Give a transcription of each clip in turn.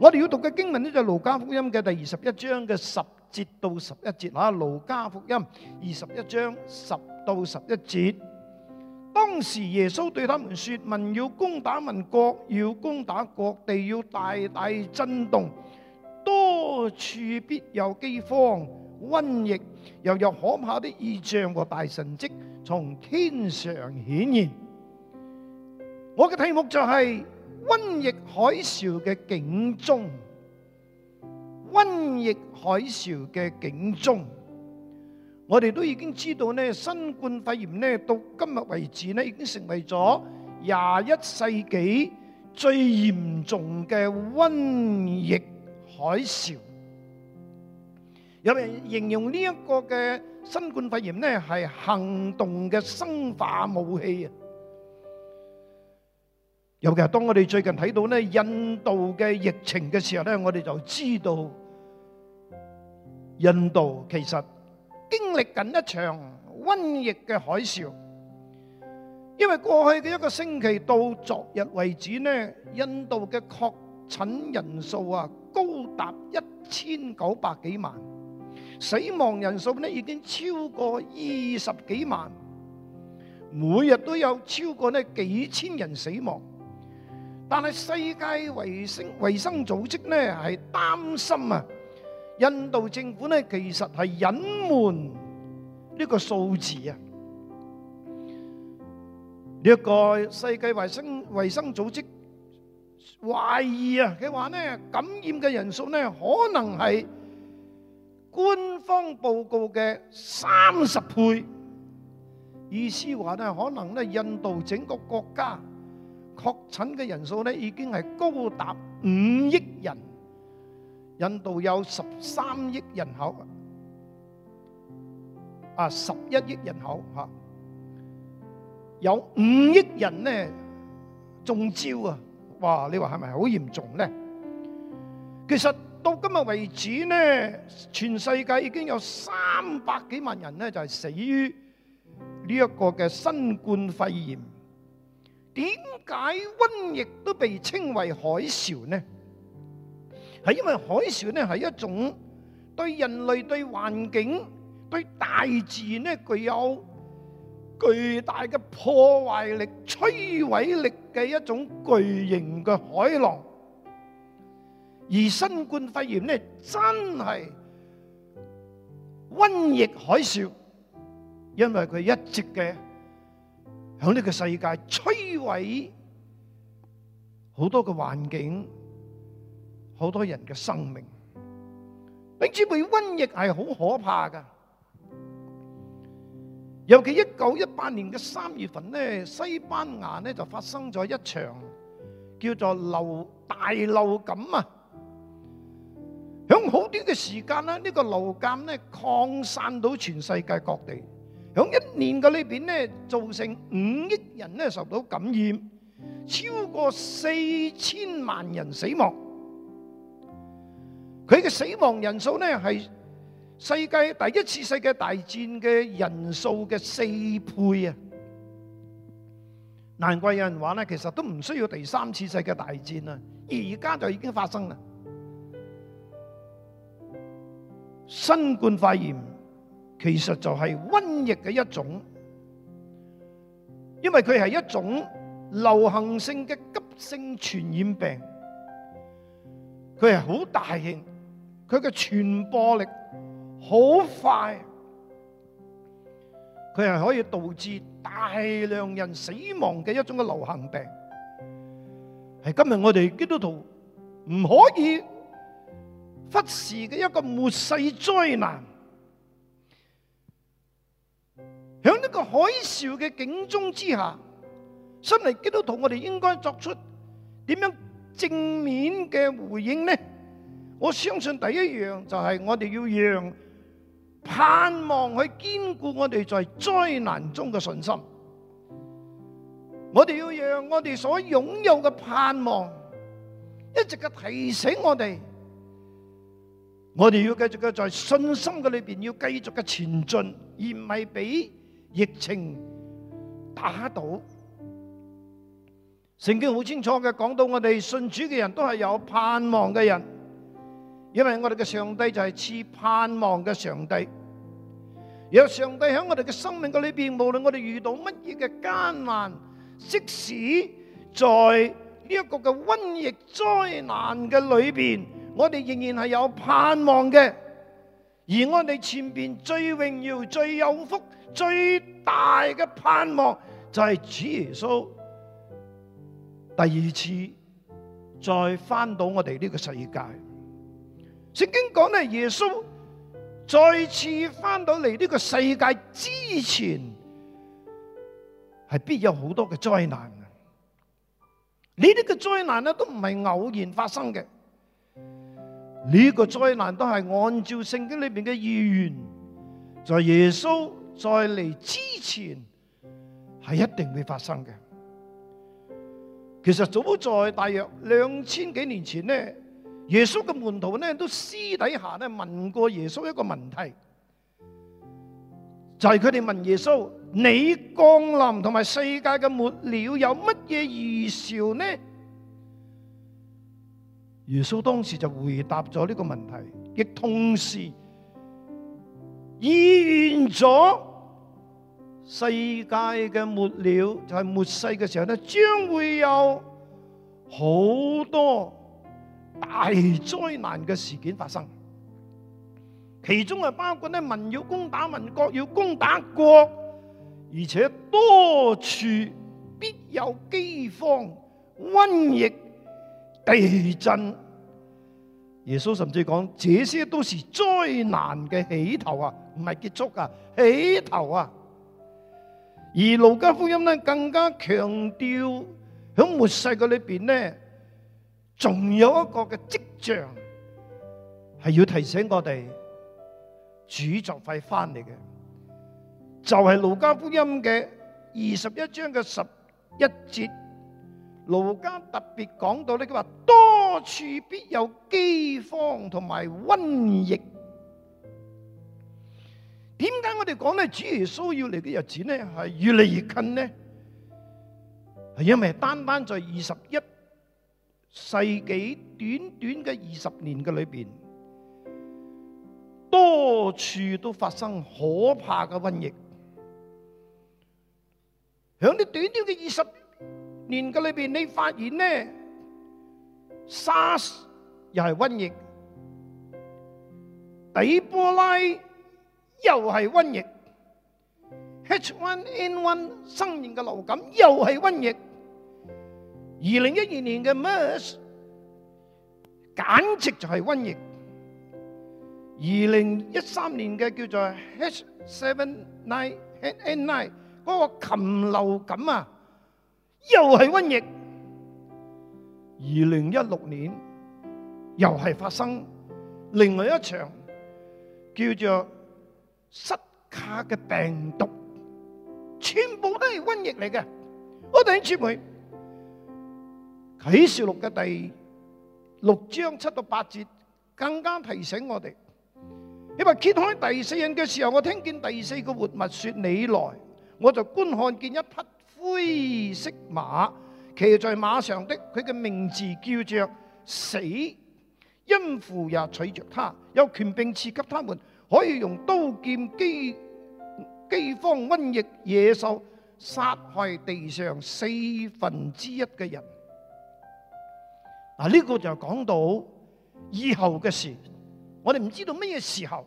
我哋要讀嘅經文呢就係《路加福音》嘅第二十一章嘅十節到十一節，吓《路加福音》二十一章十到十一節。當時耶穌對他們說：民要攻打民國，要攻打各地，要大大震動，多處必有飢荒、瘟疫，又有可怕的異象和大神迹從天上顯現。我嘅題目就係。瘟疫海嘯嘅警鐘，瘟疫海嘯嘅警鐘，我哋都已經知道呢，新冠肺炎咧到今日為止呢已經成為咗廿一世紀最嚴重嘅瘟疫海嘯。有人形容呢一個嘅新冠肺炎呢係行動嘅生化武器啊！尤其係當我哋最近睇到呢印度嘅疫情嘅時候呢，我哋就知道印度其實經歷緊一場瘟疫嘅海嘯。因為過去嘅一個星期到昨日為止呢印度嘅確診人數啊高達一千九百幾萬，死亡人數呢已經超過二十幾萬，每日都有超過呢幾千人死亡。但係世界衞生衞生組織呢係擔心啊，印度政府呢其實係隱瞞呢個數字啊。呢個世界衞生衞生組織懷疑啊，佢話呢感染嘅人數呢可能係官方報告嘅三十倍，意思話呢可能呢印度整個國家。確診嘅人數咧已經係高達五億人，印度有十三億人口，啊十一億人口嚇，有五億人呢中招啊！哇，你話係咪好嚴重咧？其實到今日為止呢，全世界已經有三百幾萬人呢就係死於呢一個嘅新冠肺炎。點解瘟疫都被稱為海嘯呢？係因為海嘯呢係一種對人類、對環境、對大自然呢具有巨大嘅破壞力、摧毀力嘅一種巨型嘅海浪，而新冠肺炎呢真係瘟疫海嘯，因為佢一直嘅。喺呢個世界摧毀好多嘅環境，好多人嘅生命，甚至被瘟疫係好可怕噶尤其一九一八年嘅三月份呢，西班牙呢就發生咗一場叫做流大流感啊。喺好短嘅時間呢，呢、這個流感呢擴散到全世界各地。響一年嘅裏邊咧，造成五億人咧受到感染，超過四千萬人死亡。佢嘅死亡人數咧係世界第一次世界大戰嘅人數嘅四倍啊！難怪有人話咧，其實都唔需要第三次世界大戰啊，而家就已經發生啦。新冠肺炎。其實就係瘟疫嘅一種，因為佢係一種流行性嘅急性傳染病，它是很，佢係好大型，佢嘅傳播力好快，佢係可以導致大量人死亡嘅一種嘅流行病，係今日我哋基督徒唔可以忽視嘅一個末世災難。喺呢個海嘯嘅警鐘之下，身為基督徒我哋應該作出點樣正面嘅回應呢？我相信第一樣就係我哋要讓盼望去堅固我哋在災難中嘅信心。我哋要讓我哋所擁有嘅盼望一直嘅提醒我哋，我哋要繼續嘅在信心嘅裏邊要繼續嘅前進，而唔係俾。疫情打倒，聖經好清楚嘅，講到我哋信主嘅人都係有盼望嘅人，因為我哋嘅上帝就係賜盼望嘅上帝。若上帝喺我哋嘅生命嘅裏邊，無論我哋遇到乜嘢嘅艱難，即使在呢一個嘅瘟疫災難嘅裏邊，我哋仍然係有盼望嘅。而我哋前邊最榮耀、最有福、最大嘅盼望，就係主耶穌第二次再翻到我哋呢個世界。聖經講咧，耶穌再次翻到嚟呢個世界之前，係必有好多嘅災難嘅。呢啲嘅災難咧，都唔係偶然發生嘅。呢個災難都係按照聖經裏邊嘅意願，在耶穌再嚟之前係一定會發生嘅。其實早在大約兩千幾年前呢，耶穌嘅門徒呢都私底下呢問過耶穌一個問題，就係佢哋問耶穌：你降臨同埋世界嘅末了有乜嘢預兆呢？耶穌當時就回答咗呢個問題，亦同時預言咗世界嘅末了，就係末世嘅時候咧，將會有好多大災難嘅事件發生。其中係包括咧民要攻打民，國要攻打國，而且多處必有饑荒、瘟疫。地震，耶穌甚至講這些都是災難嘅起頭啊，唔係結束啊，起頭啊。而路加福音呢更加強調喺末世嘅裏邊呢，仲有一個嘅跡象係要提醒我哋主作快翻嚟嘅，就係、是、路加福音嘅二十一章嘅十一節。路加特別講到咧，佢話多處必有饑荒同埋瘟疫。點解我哋講咧，主耶穌要嚟嘅日子咧，係越嚟越近呢？係因為單單在二十一世紀短短嘅二十年嘅裏邊，多處都發生可怕嘅瘟疫。喺啲短短嘅二十年嘅裏邊，你發現呢，SARS 又係瘟疫，底波拉又係瘟疫，H1N1 新型嘅流感又係瘟疫，二零一二年嘅 MERS 簡直就係瘟疫，二零一三年嘅叫做 H7N9 嗰個禽流感啊，又係瘟疫，二零一六年又係發生另外一場叫做寨卡嘅病毒，全部都係瘟疫嚟嘅。弟兄姊妹啟示錄嘅第六章七到八節，更加提醒我哋，因為揭開第四印嘅時候，我聽見第四個活物說：你來，我就觀看，見一匹。灰色馬騎在馬上的，佢嘅名字叫着死，因父也取着他，有權並賜給他們，可以用刀劍、饑饑荒、瘟疫、野獸殺害地上四分之一嘅人。啊！呢個就講到以後嘅事，我哋唔知道咩嘢時候，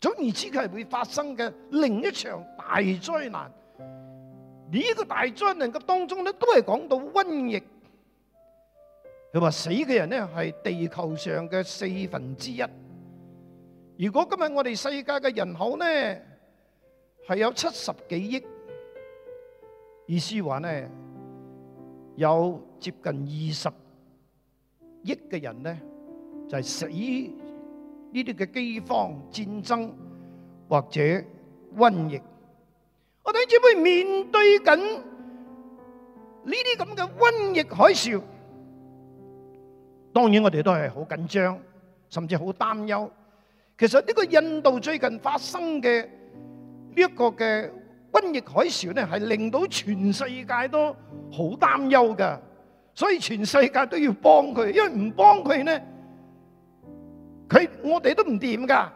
總而之佢係會發生嘅另一場大災難。呢、這個大災難嘅當中咧，都係講到瘟疫。佢話死嘅人咧係地球上嘅四分之一。如果今日我哋世界嘅人口咧係有七十幾億，意思話咧有接近二十億嘅人咧就係、是、死呢啲嘅饑荒、戰爭或者瘟疫。我哋只會面對緊呢啲咁嘅瘟疫海嘯，當然我哋都係好緊張，甚至好擔憂。其實呢個印度最近發生嘅呢一個嘅瘟疫海嘯咧，係令到全世界都好擔憂噶，所以全世界都要幫佢，因為唔幫佢咧，佢我哋都唔掂噶。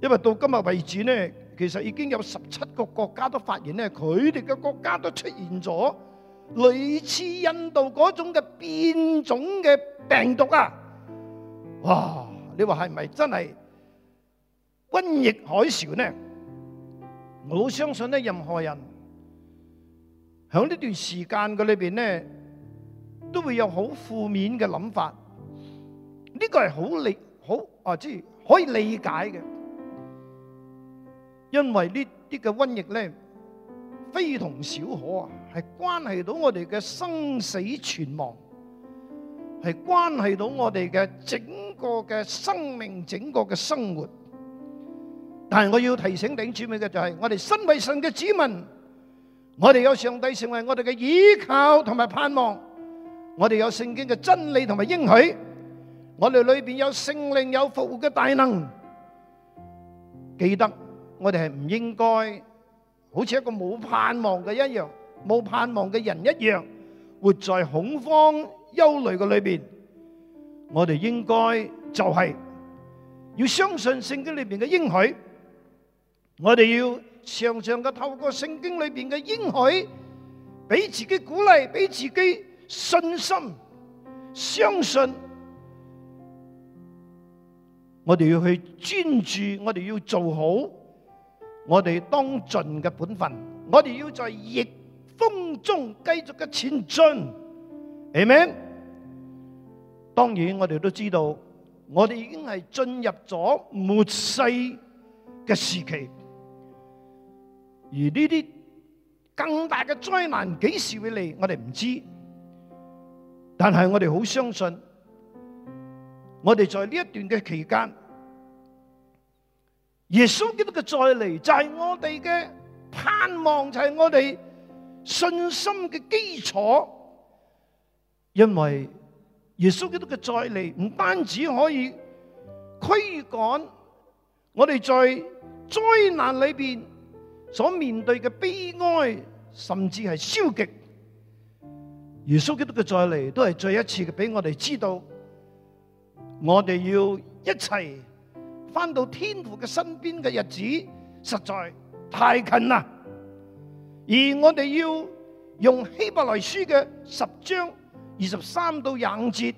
因為到今日為止咧。其實已經有十七個國家都發現咧，佢哋嘅國家都出現咗類似印度嗰種嘅變種嘅病毒啊！哇，你話係咪真係瘟疫海嘯呢？我相信咧，任何人喺呢段時間嘅裏邊咧，都會有好負面嘅諗法。呢個係好理好啊，即係可以理解嘅。因為呢啲嘅瘟疫咧，非同小可啊，係關係到我哋嘅生死存亡，係關係到我哋嘅整個嘅生命、整個嘅生活。但係我要提醒弟兄姊妹嘅就係，我哋身為神嘅子民，我哋有上帝成為我哋嘅依靠同埋盼望，我哋有聖經嘅真理同埋應許，我哋裏邊有聖靈有復活嘅大能，記得。我哋係唔應該好似一個冇盼望嘅一樣，冇盼望嘅人一樣，活在恐慌、憂慮嘅裏邊。我哋應該就係要相信聖經裏邊嘅應許。我哋要常常嘅透過聖經裏邊嘅應許，俾自己鼓勵，俾自己信心，相信。我哋要去專注，我哋要做好。我哋當盡嘅本分，我哋要在逆風中繼續嘅前進，Amen？當然，我哋都知道，我哋已經係進入咗末世嘅時期，而呢啲更大嘅災難幾時會嚟，我哋唔知。但係我哋好相信，我哋在呢一段嘅期間。耶穌基督嘅再嚟就係我哋嘅盼望，就係我哋信心嘅基礎。因為耶穌基督嘅再嚟唔單止可以驅趕我哋在災難裏邊所面對嘅悲哀，甚至係消極。耶穌基督嘅再嚟都係再一次嘅俾我哋知道，我哋要一齊。返到天父嘅身邊嘅日子實在太近啦，而我哋要用希伯來書嘅十章二十三到廿五節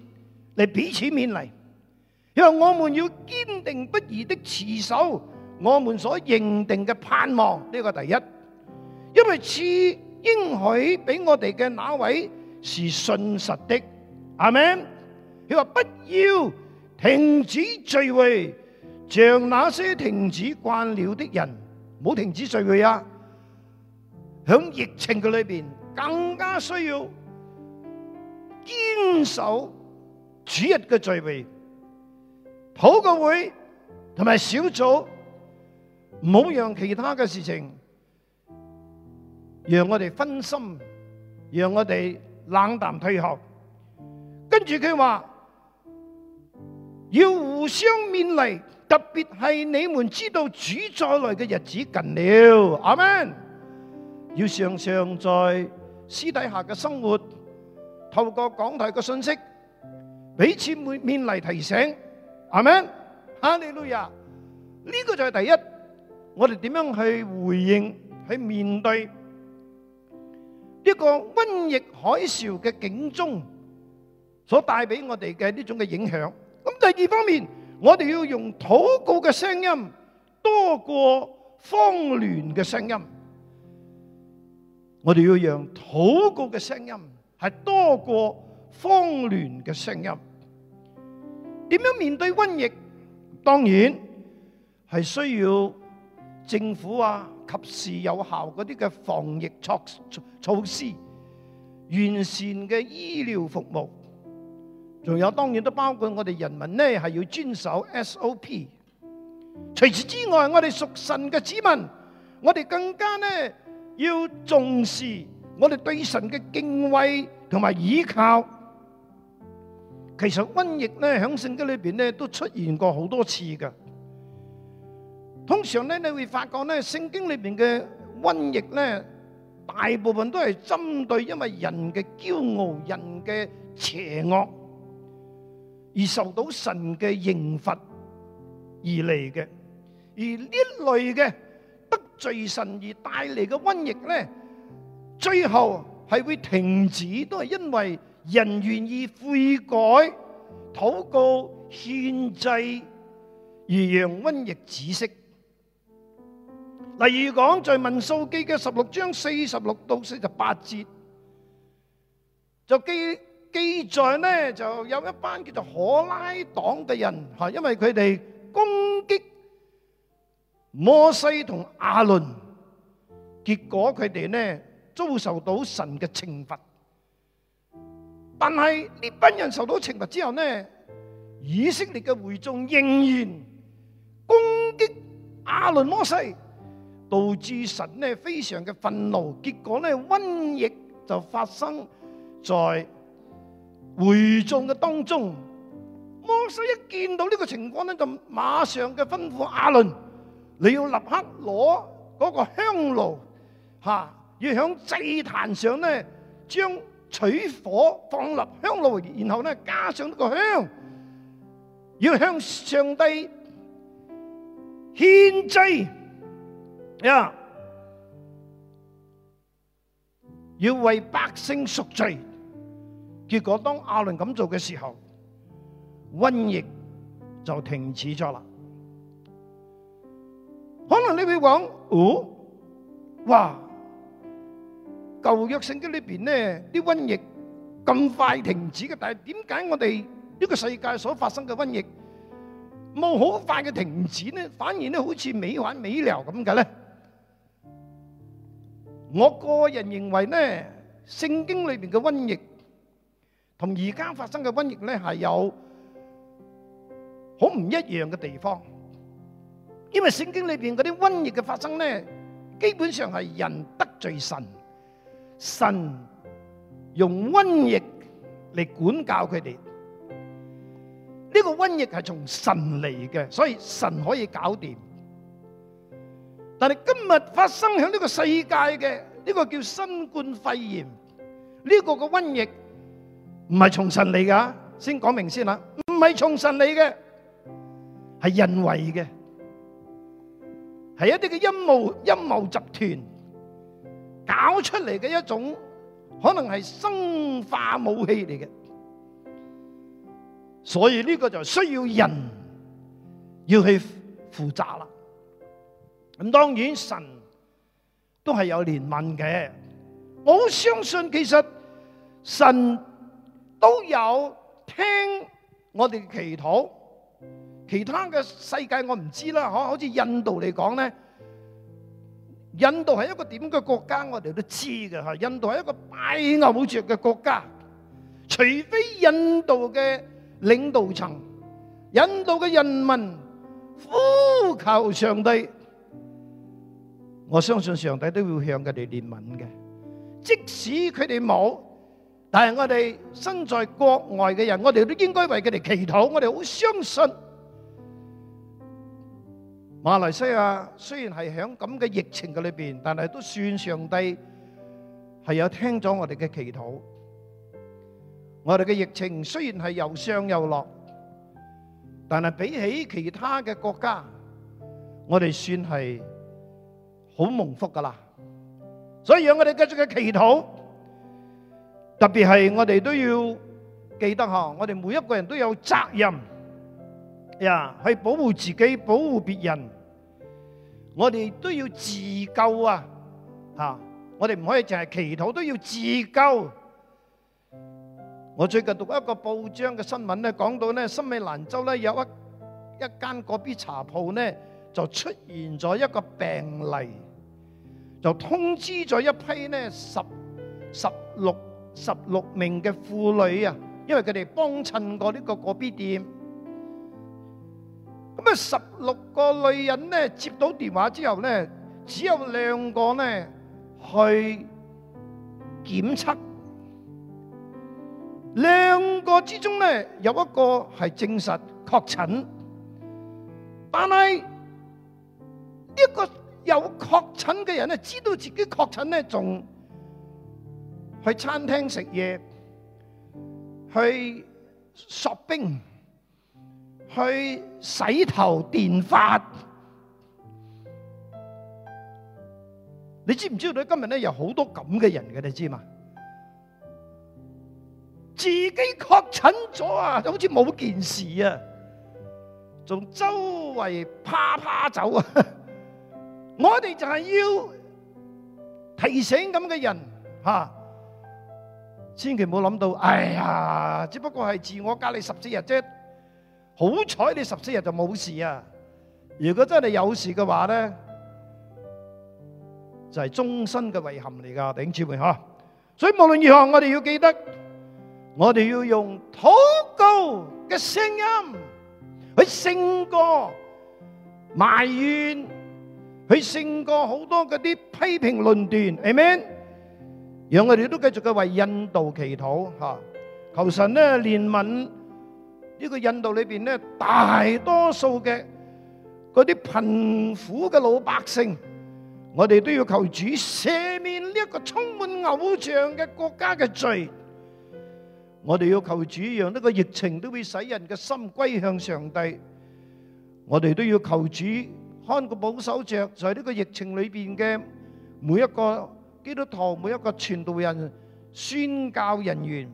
嚟彼此勉勵，佢話，我們要堅定不移的持守我們所認定嘅盼望呢個第一，因為賜應許俾我哋嘅那位是信實的，係咪？佢話不要停止聚會。像那些停止慣了的人，唔好停止聚會啊！響疫情嘅裏邊，更加需要堅守主日嘅聚會，好嘅會同埋小組，唔好讓其他嘅事情讓我哋分心，讓我哋冷淡退後。跟住佢話要互相勉勵。特別係你們知道主再來嘅日子近了，阿 min，要常常在私底下嘅生活，透過講台嘅信息，彼此會面嚟，提醒，阿 min，哈利路亞，呢個就係第一，我哋點樣去回應去面對一個瘟疫海嘯嘅警鐘，所帶俾我哋嘅呢種嘅影響。咁第二方面，我哋要用禱告嘅聲音多過慌亂嘅聲音，我哋要讓禱告嘅聲音係多過慌亂嘅聲音。點樣面對瘟疫？當然係需要政府啊，及時有效嗰啲嘅防疫措措施，完善嘅醫療服務。仲有，當然都包括我哋人民呢係要遵守 SOP。除此之外，我哋屬神嘅子民，我哋更加呢要重視我哋對神嘅敬畏同埋倚靠。其實瘟疫呢，喺聖經裏邊呢都出現過好多次㗎。通常呢，你會發覺呢聖經裏邊嘅瘟疫呢，大部分都係針對因為人嘅驕傲、人嘅邪惡，而受到神嘅刑罰而嚟嘅。而呢類嘅得罪神而帶嚟嘅瘟疫咧，最後係會停止，都係因為人願意悔改、禱告、獻祭而讓瘟疫止息。例如講在民數記嘅十六章四十六到四十八節，就基於。記載呢就有一班叫做可拉黨嘅人嚇，因為佢哋攻擊摩西同亞倫，結果佢哋呢遭受到神嘅懲罰。但係呢班人受到懲罰之後呢，以色列嘅會眾仍然攻擊亞倫、摩西，導致神呢非常嘅憤怒，結果呢瘟疫就發生在。會眾嘅當中，摩西一見到呢個情況咧，就馬上嘅吩咐亞倫，你要立刻攞嗰個香爐，吓、啊，要響祭壇上咧，將取火放入香爐，然後咧加上呢個香，要向上帝獻祭，呀、yeah.，要為百姓贖罪。結果當阿倫咁做嘅時候，瘟疫就停止咗啦。可能你會講，哦，哇，舊約聖經裏邊呢啲瘟疫咁快停止嘅，但係點解我哋呢個世界所發生嘅瘟疫冇好快嘅停止呢？反而咧好似未完未了咁嘅咧？我個人認為呢，聖經裏邊嘅瘟疫，同而家發生嘅瘟疫咧係有好唔一樣嘅地方，因為聖經裏邊嗰啲瘟疫嘅發生咧，基本上係人得罪神，神用瘟疫嚟管教佢哋。呢個瘟疫係從神嚟嘅，所以神可以搞掂。但係今日發生響呢個世界嘅，呢個叫新冠肺炎，呢個嘅瘟疫。唔係從神嚟㗎，先講明先啦。唔係從神嚟嘅，係人為嘅，係一啲嘅陰謀陰謀集團搞出嚟嘅一種，可能係生化武器嚟嘅。所以呢個就需要人要去負責啦。咁當然神都係有憐憫嘅，我相信其實神。都有聽我哋祈禱，其他嘅世界我唔知啦，嗬，好似印度嚟講咧，印度係一個點嘅國家，我哋都知㗎吓。印度係一個拜牛好著嘅國家，除非印度嘅領導層、印度嘅人民呼求上帝，我相信上帝都會向佢哋憐憫嘅，即使佢哋冇。但係我哋身在國外嘅人，我哋都應該為佢哋祈禱。我哋好相信，馬來西亞雖然係響咁嘅疫情嘅裏邊，但係都算上帝係有聽咗我哋嘅祈禱。我哋嘅疫情雖然係又上又落，但係比起其他嘅國家，我哋算係好蒙福㗎喇。所以讓我哋繼續嘅祈禱。特別係我哋都要記得吓，我哋每一個人都有責任呀，去保護自己，保護別人。我哋都要自救啊！吓，我哋唔可以淨係祈禱，都要自救。我最近讀一個報章嘅新聞咧，講到咧，新美蘭州咧有一一間嗰啲茶鋪咧，就出現咗一個病例，就通知咗一批呢。十十六。十六名嘅婦女啊，因為佢哋幫襯過呢個果啤店，咁啊，十六個女人呢，接到電話之後呢，只有兩個呢去檢測，兩個之中呢，有一個係證實確診，但係一個有確診嘅人呢，知道自己確診呢仲，去餐廳食嘢，去索冰，去洗頭電髮，你知唔知道？你今日咧有好多咁嘅人嘅，你知嘛？自己確診咗啊，好似冇件事啊，仲周圍趴趴走啊！我哋就係要提醒咁嘅人吓。千祈唔好諗到，哎呀，只不過係，自我隔離十四日啫，好彩你十四日就冇事啊！如果真係有事嘅話咧，就係終身嘅遺憾嚟噶，弟兄姊妹嗬。所以無論如何，我哋要記得，我哋要用禱告嘅聲音去勝過埋怨，去勝過好多嗰啲批評論斷，amen。讓我哋都繼續嘅為印度祈禱，吓求神咧憐憫呢個印度裏邊咧大多數嘅嗰啲貧苦嘅老百姓，我哋都要求主赦免呢一個充滿偶像嘅國家嘅罪。我哋要求主，讓呢個疫情都會使人嘅心歸向上帝。我哋都要求主看顧保守着，在呢個疫情裏邊嘅每一個。基督徒每一個傳道人、宣教人員，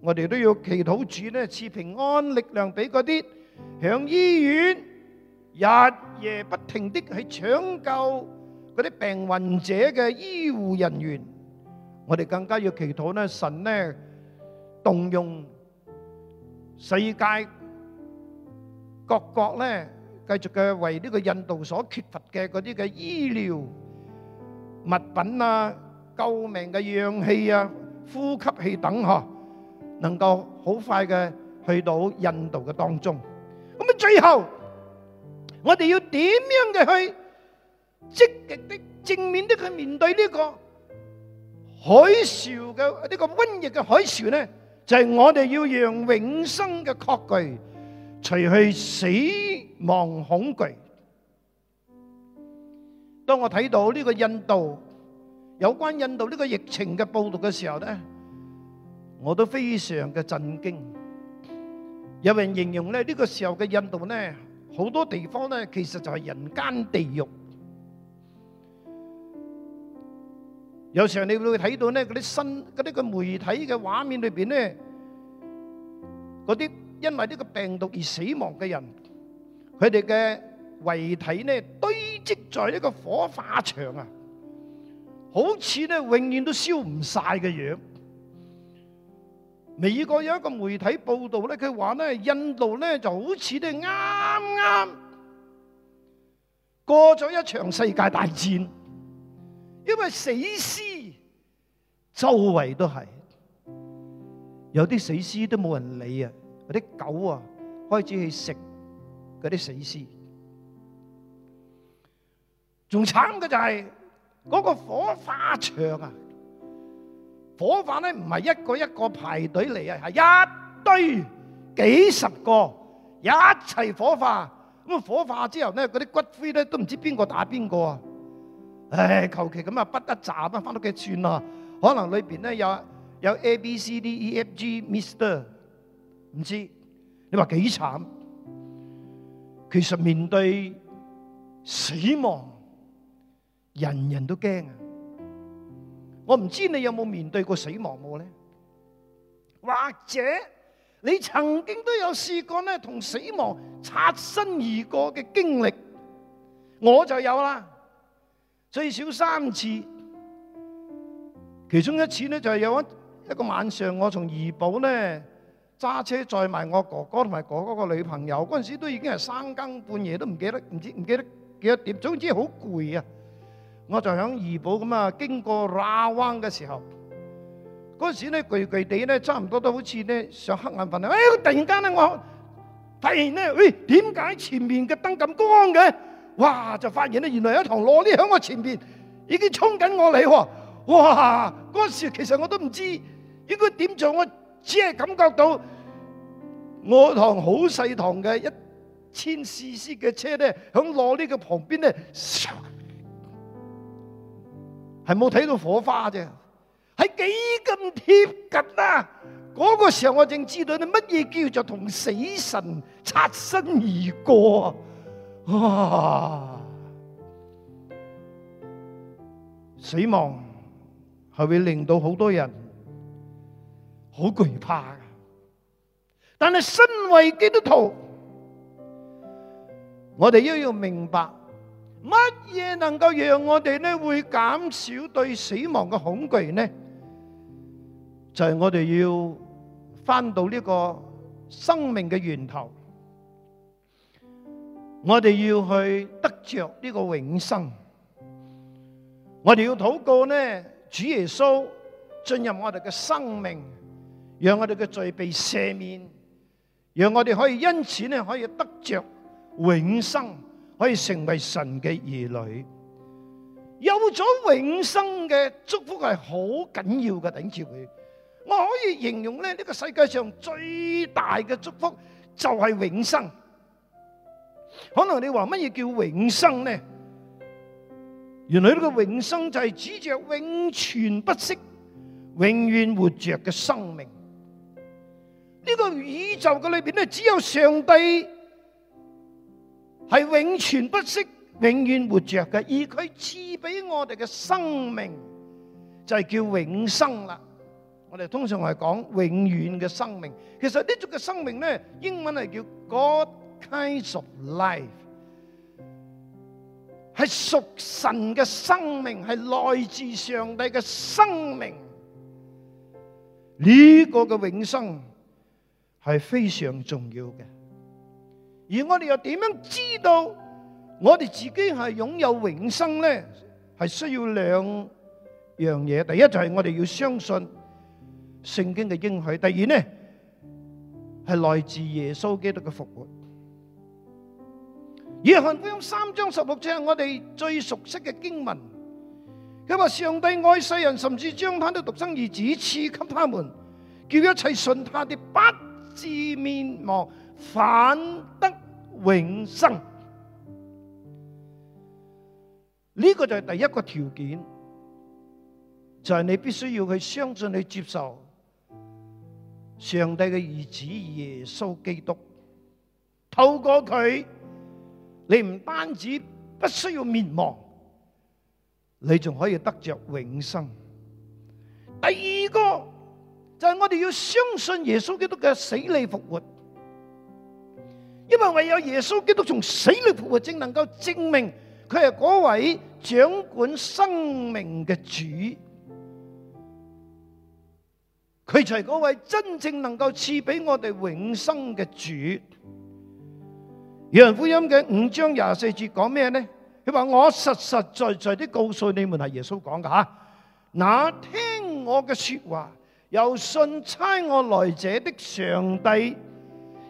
我哋都要祈禱主呢，賜平安力量俾嗰啲響醫院日夜不停的去搶救嗰啲病患者嘅醫護人員。我哋更加要祈禱呢，神呢動用世界各國呢，繼續嘅為呢個印度所缺乏嘅嗰啲嘅醫療物品啊！救命嘅氧氣啊，呼吸器等嗬，能夠好快嘅去到印度嘅當中。咁啊，最後我哋要點樣嘅去積極的正面的去面對呢個海嘯嘅呢個瘟疫嘅海嘯咧？就係我哋要讓永生嘅確據，除去死亡恐懼。當我睇到呢個印度有關印度呢個疫情嘅報道嘅時候咧，我都非常嘅震驚。有人形容咧，呢個時候嘅印度咧，好多地方咧，其實就係人間地獄。有時候你會睇到咧，嗰啲新嗰啲嘅媒體嘅畫面裏邊咧，嗰啲因為呢個病毒而死亡嘅人，佢哋嘅遺體咧堆積在一個火化場啊！好似咧永遠都燒唔晒嘅樣。美國有一個媒體報道咧，佢話咧，印度咧就好似咧啱啱過咗一場世界大戰，因為死屍周圍都係，有啲死屍都冇人理有些啊，嗰啲狗啊開始去食嗰啲死屍，仲慘嘅就係、是。嗰、那個火化場啊，火化咧唔係一個一個排隊嚟啊，係一堆幾十個一齊火化。咁啊火化之後咧，嗰啲骨灰咧都唔知邊個打邊個啊，啊！唉，求其咁啊，不得閘啊，翻屋企寸啊？可能裏邊咧有有 A、B、C、D、E、F、G、Mister 唔知你話幾慘？其實面對死亡。人人都驚啊！我唔知你有冇面對過死亡冇咧，或者你曾經都有試過咧同死亡擦身而過嘅經歷，我就有啦，最少三次。其中一次咧就係、是、有一一個晚上我從保呢，我從怡保咧揸車載埋我哥哥同埋哥哥個女朋友，嗰陣時都已經係三更半夜，都唔記得唔知唔記得幾多點，總之好攰啊！我就喺怡保咁啊，經過喇叭灣嘅時候，嗰陣時咧，攰攰地咧，差唔多都好似咧想黑眼瞓。哎，突然間咧，我突然咧，喂，點解、哎、前面嘅燈咁光嘅？哇！就發現咧，原來有一堂羅里喺我前邊，已經衝緊我嚟喎。哇！嗰時其實我都唔知應該點做，我只係感覺到我堂好細堂嘅一千四 CC 嘅車咧，喺羅里嘅旁邊咧。係冇睇到火花啫，係幾咁貼近啊！嗰個時候我正知道你乜嘢叫做同死神擦身而過啊！死亡係會令到好多人好懼怕㗎，但係身為基督徒，我哋都要，要明白。乜嘢能夠讓我哋呢會減少對死亡嘅恐懼呢？就係我哋要翻到呢個生命嘅源頭，我哋要去得着呢個永生。我哋要禱告呢，主耶穌進入我哋嘅生命，讓我哋嘅罪被赦免，讓我哋可以因此呢可以得着永生。可以成為神嘅兒女，有咗永生嘅祝福係好緊要嘅。頂住佢，我可以形容咧，呢個世界上最大嘅祝福就係永生。可能你話，乜嘢叫永生呢？原來呢個永生就係指著永存不息、永遠活着嘅生命。呢個宇宙嘅裏邊咧，只有上帝。係永存不息、永遠活着嘅，而佢賜俾我哋嘅生命就係叫永生啦。我哋通常係講永遠嘅生命，其實呢種嘅生命咧，英文係叫 God's kind of life，係屬神嘅生命，係來自上帝嘅生命。呢、這個嘅永生係非常重要嘅。而我哋又點樣知道我哋自己係擁有永生咧？係需要兩樣嘢，第一就係我哋要相信聖經嘅應許；第二咧係來自耶穌基督嘅復活。約翰福音三章十六節係我哋最熟悉嘅經文，佢話上帝愛世人，甚至將他的獨生兒子賜給他們，叫一切信他的不至滅亡。反得永生，呢個就係第一個條件，就係你必須要去相信、去接受上帝嘅兒子耶穌基督，透過佢，你唔單止不需要滅亡，你仲可以得着永生。第二個就係我哋要相信耶穌基督嘅死裏復活。因為唯有耶穌基督從死裏復活，正能夠證明佢係嗰位掌管生命嘅主。佢就係嗰位真正能夠賜俾我哋永生嘅主。約翰福音嘅五章廿四節講咩呢？佢話，我實實在在地告訴你們，係耶穌講嘅吓。那聽我嘅說話，又信差我來者的上帝，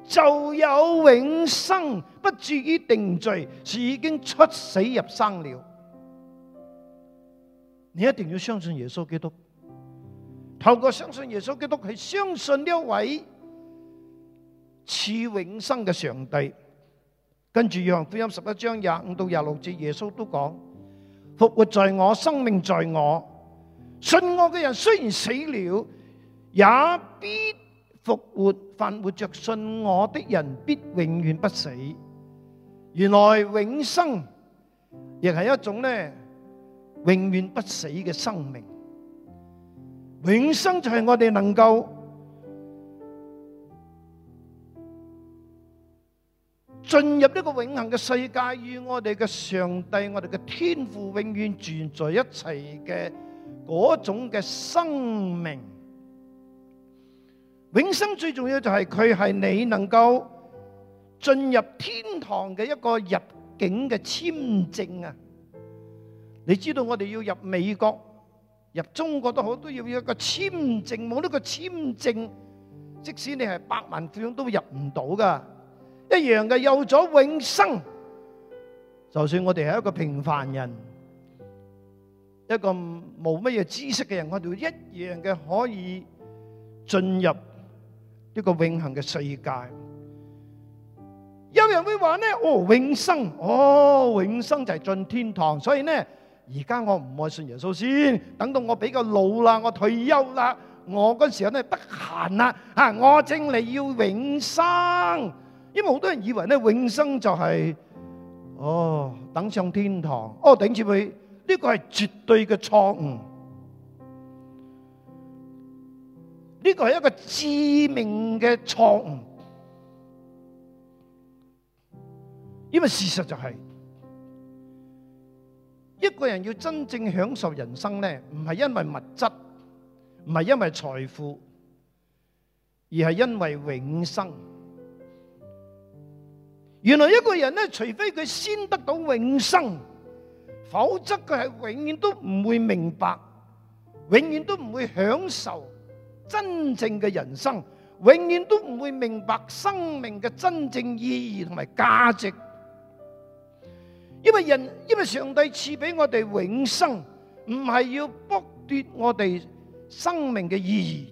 就有永生，不至於定罪，是已經出死入生了。你一定要相信耶穌基督，透過相信耶穌基督，係相信呢一位賜永生嘅上帝。跟住《約翰福音》十一章廿五到廿六節，耶穌都講：復活在我，生命在我，信我嘅人雖然死了，也必，復活，凡活着信我的人必永遠不死。原來永生亦係一種咧，永遠不死嘅生命。永生就係我哋能夠進入一個永恒嘅世界，與我哋嘅上帝、我哋嘅天父永遠住在一齊嘅嗰種嘅生命。永生最重要的就係佢係你能夠進入天堂嘅一個入境嘅簽證啊！你知道我哋要入美國、入中國都好，都要有一個簽證，冇呢個簽證，即使你係百萬富翁都入唔到噶。一樣嘅有咗永生，就算我哋係一個平凡人，一個冇乜嘢知識嘅人，我哋一樣嘅可以進入。一個永恒嘅世界，有人會話呢哦，永生，哦，永生就係進天堂。所以呢，而家我唔愛信耶穌先，等到我比較老啦，我退休啦，我嗰時候咧得閒啦，吓、啊，我正嚟要永生，因為好多人以為咧，永生就係、是、哦，等上天堂。哦，頂住佢呢個係絕對嘅錯誤。呢、這個係一個致命嘅錯誤，因為事實就係一個人要真正享受人生呢，唔係因為物質，唔係因為財富，而係因為永生。原來一個人呢，除非佢先得到永生，否則佢係永遠都唔會明白，永遠都唔會享受。真正嘅人生，永遠都唔會明白生命嘅真正意義同埋價值。因為人，因為上帝賜俾我哋永生，唔係要剝奪我哋生命嘅意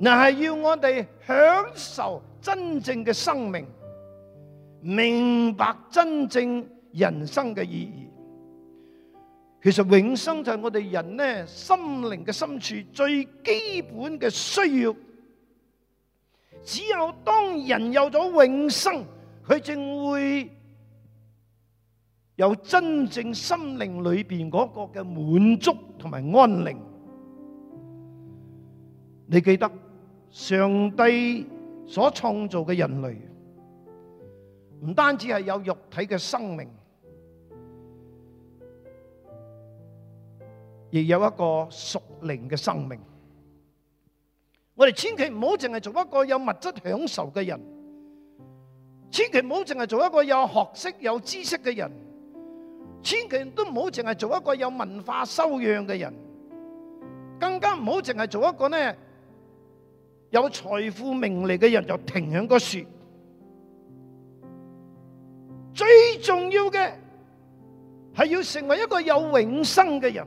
義，而係要我哋享受真正嘅生命，明白真正人生嘅意義。其實永生就係我哋人呢，心靈嘅深處最基本嘅需要。只有當人有咗永生，佢正會有真正心靈裏邊嗰個嘅滿足同埋安寧。你記得，上帝所創造嘅人類，唔單止係有肉體嘅生命。亦有一個屬靈嘅生命。我哋千祈唔好淨係做一個有物質享受嘅人，千祈唔好淨係做一個有學識、有知識嘅人，千祈都唔好淨係做一個有文化修養嘅人，更加唔好淨係做一個呢有財富名利嘅人就停響個樹。最重要嘅係要成為一個有永生嘅人。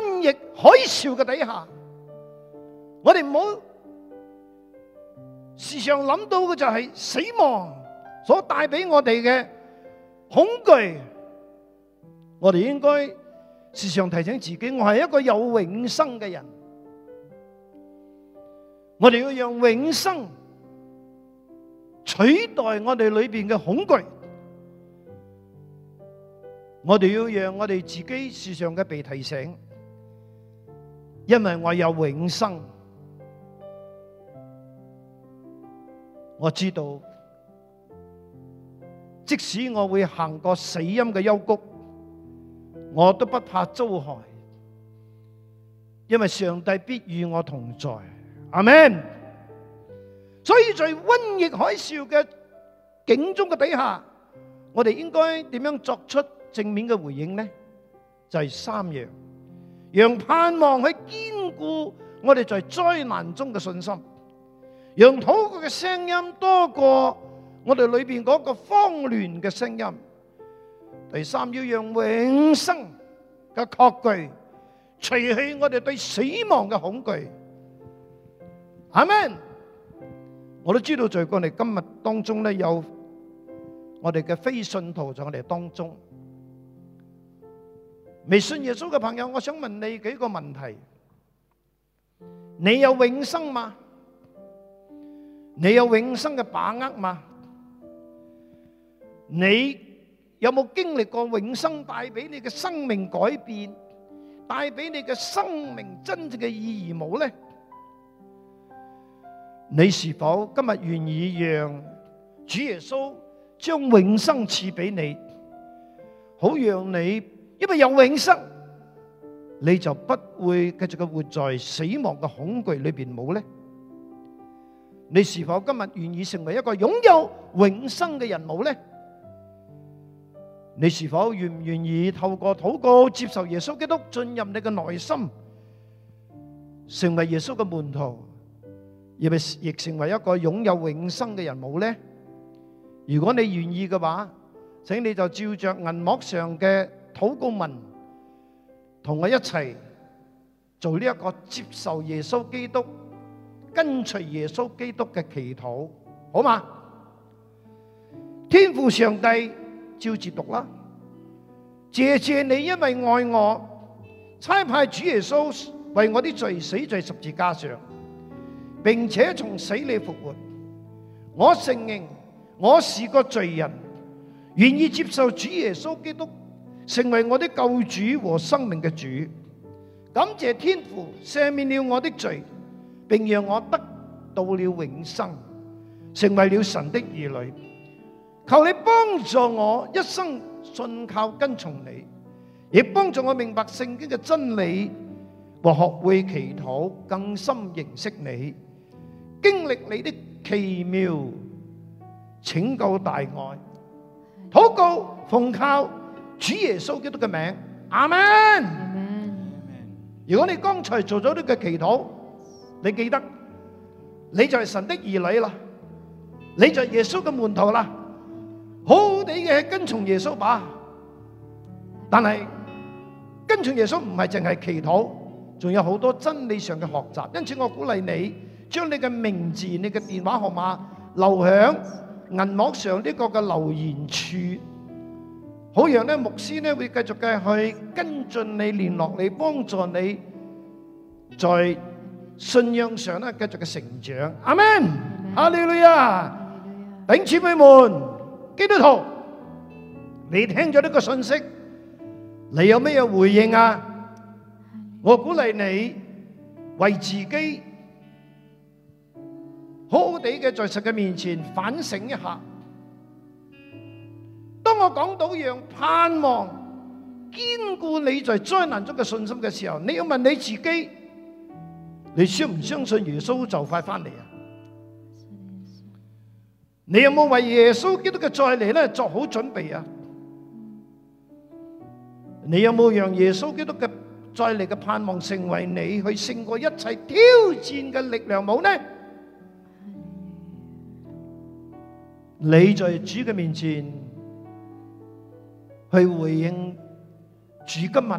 瘟疫海潮嘅底下，我哋唔好時常諗到嘅就係死亡所帶俾我哋嘅恐懼。我哋應該時常提醒自己，我係一個有永生嘅人。我哋要讓永生取代我哋裏邊嘅恐懼。我哋要讓我哋自己時常嘅被提醒。因為我有永生，我知道，即使我會行過死蔭嘅幽谷，我都不怕遭害，因為上帝必與我同在。阿門。所以在瘟疫海嘯嘅警鐘嘅底下，我哋應該點樣作出正面嘅回應呢？就係、是、三樣。讓盼望去堅固我哋在災難中嘅信心，讓禱告嘅聲音多過我哋裏邊嗰個慌亂嘅聲音。第三，要讓永生嘅確據除去我哋對死亡嘅恐懼。阿門。我都知道在我哋今日當中咧，有我哋嘅非信徒在我哋當中。未信耶穌嘅朋友，我想問你幾個問題：你有永生嗎？你有永生嘅把握嗎？你有冇經歷過永生帶俾你嘅生命改變，帶俾你嘅生命真正嘅意義冇呢？你是否今日願意讓主耶穌將永生賜俾你，好讓你？因為有永生，你就不會繼續咁活在死亡嘅恐懼裏邊冇呢。你是否今日願意成為一個擁有永生嘅人冇呢？你是否願唔願意透過禱告接受耶穌基督，進入你嘅內心，成為耶穌嘅門徒，亦亦成為一個擁有永生嘅人冇呢？如果你願意嘅話，請你就照着銀幕上嘅禱告文，同我一齊做呢一個接受耶穌基督，跟隨耶穌基督嘅祈禱，好嗎？天父上帝，照字讀啦！謝謝你，因為愛我，差派主耶穌為我啲罪死在十字架上，並且從死裏復活。我承認我是個罪人，願意接受主耶穌基督。成為我的救主和生命嘅主，感謝天父赦免了我的罪，並讓我得到了永生，成為了神的兒女。求你幫助我一生信靠跟從你，亦幫助我明白聖經嘅真理和學會祈禱，更深認識你，經歷你的奇妙拯救大愛。禱告奉靠。主耶穌基督嘅名，阿門。如果你剛才做咗呢個祈禱，你記得，你就係神的兒女啦，你就係耶穌嘅門徒啦，好好地嘅跟從耶穌吧。但係跟從耶穌唔係淨係祈禱，仲有好多真理上嘅學習。因此我鼓勵你，將你嘅名字、你嘅電話號碼留響銀幕上呢個嘅留言處。好讓咧，牧師咧會繼續繼續去跟進你、聯絡你、幫助你，在信仰上咧繼續嘅成長。阿門！哈利路亞，弟兄姊妹們，基督徒，你聽咗呢個信息，你有咩嘢回應啊？我鼓勵你為自己好好地嘅在神嘅面前反省一下。當我講到讓盼望堅固你在災難中嘅信心嘅時候，你要問你自己，你相唔相信耶穌就快翻嚟啊？你有冇為耶穌基督嘅再嚟咧做好準備啊？你有冇讓耶穌基督嘅再嚟嘅盼望成為你去勝過一切挑戰嘅力量冇呢？你在主嘅面前。去回應主今日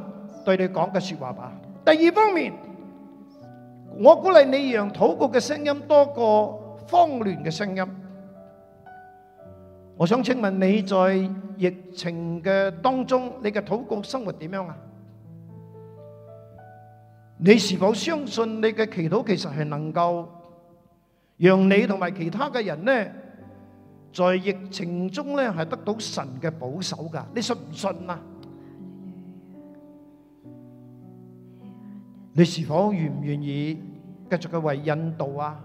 對你講嘅說話吧。第二方面，我鼓勵你讓禱告嘅聲音多過慌亂嘅聲音。我想請問你在疫情嘅當中，你嘅禱告生活點樣啊？你是否相信你嘅祈禱其實係能夠讓你同埋其他嘅人呢？在疫情中咧，係得到神嘅保守噶，你信唔信啊？你是否願唔願意繼續去為印度啊、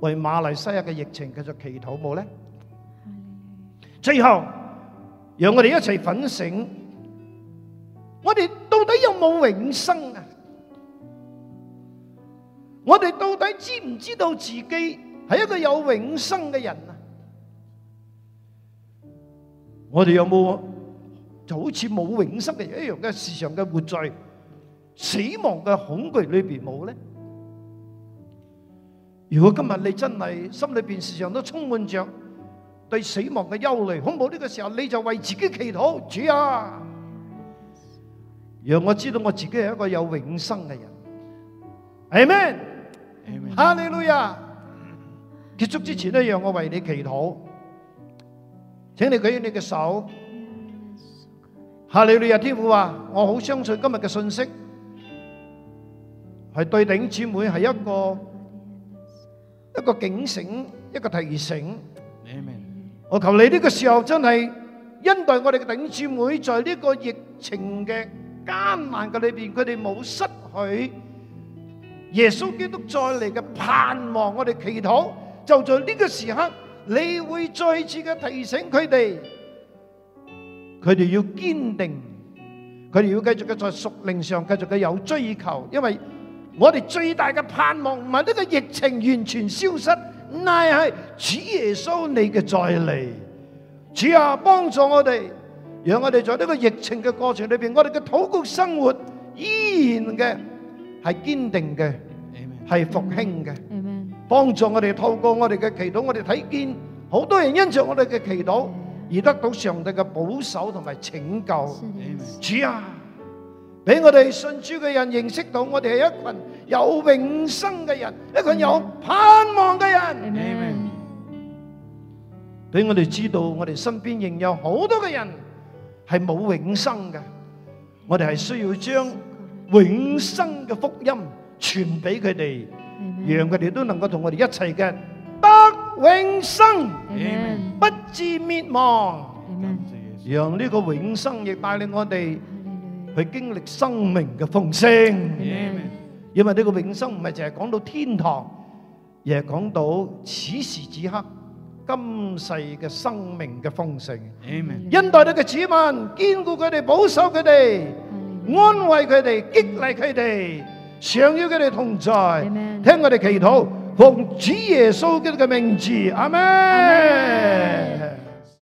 為馬來西亞嘅疫情繼續祈禱冇咧？最後，讓我哋一齊反省，我哋到底有冇永生啊？我哋到底知唔知道自己係一個有永生嘅人啊？我哋有冇就好似冇永生嘅一樣嘅，時常嘅活在死亡嘅恐懼裏邊冇咧？如果今日你真係心裏邊時常都充滿着對死亡嘅憂慮、恐怖呢個時候，你就為自己祈禱，主啊，讓我知道我自己係一個有永生嘅人。Amen，哈利路亞。結束之前咧，讓我為你祈禱。請你舉起你嘅手。哈利路亞天父話：我好相信今日嘅信息係對頂姊妹係一個一個警醒，一個提醒。我求你呢個時候真係恩待我哋嘅頂姊妹，在呢個疫情嘅艱難嘅裏邊，佢哋冇失去耶穌基督再嚟嘅盼望。我哋祈禱，就在呢個時刻。你會再次嘅提醒佢哋，佢哋要堅定，佢哋要繼續嘅在屬靈上繼續嘅有追求，因為我哋最大嘅盼望唔係呢個疫情完全消失，乃係主耶穌你嘅再嚟，主啊，幫助我哋，讓我哋在呢個疫情嘅過程裏邊，我哋嘅禱告生活依然嘅係堅定嘅，係復興嘅。幫助我哋透過我哋嘅祈禱，我哋睇見好多人因着我哋嘅祈禱而得到上帝嘅保守同埋拯救。主啊，俾我哋信主嘅人認識到我哋係一群有永生嘅人，一群有盼望嘅人。俾我哋知道我哋身邊仍有好多嘅人係冇永生嘅，我哋係需要將永生嘅福音傳俾佢哋。讓佢哋都能夠同我哋一齊嘅得永生，不致滅亡。讓呢個永生亦帶領我哋去經歷生命嘅豐盛。因為呢個永生唔係淨係講到天堂，而係講到此時此刻今世嘅生命嘅豐盛。恩待你嘅子民，堅固佢哋，保守佢哋，安慰佢哋，激勵佢哋。想要佢哋同在，聽我哋祈禱，奉主耶穌嘅名字，阿們。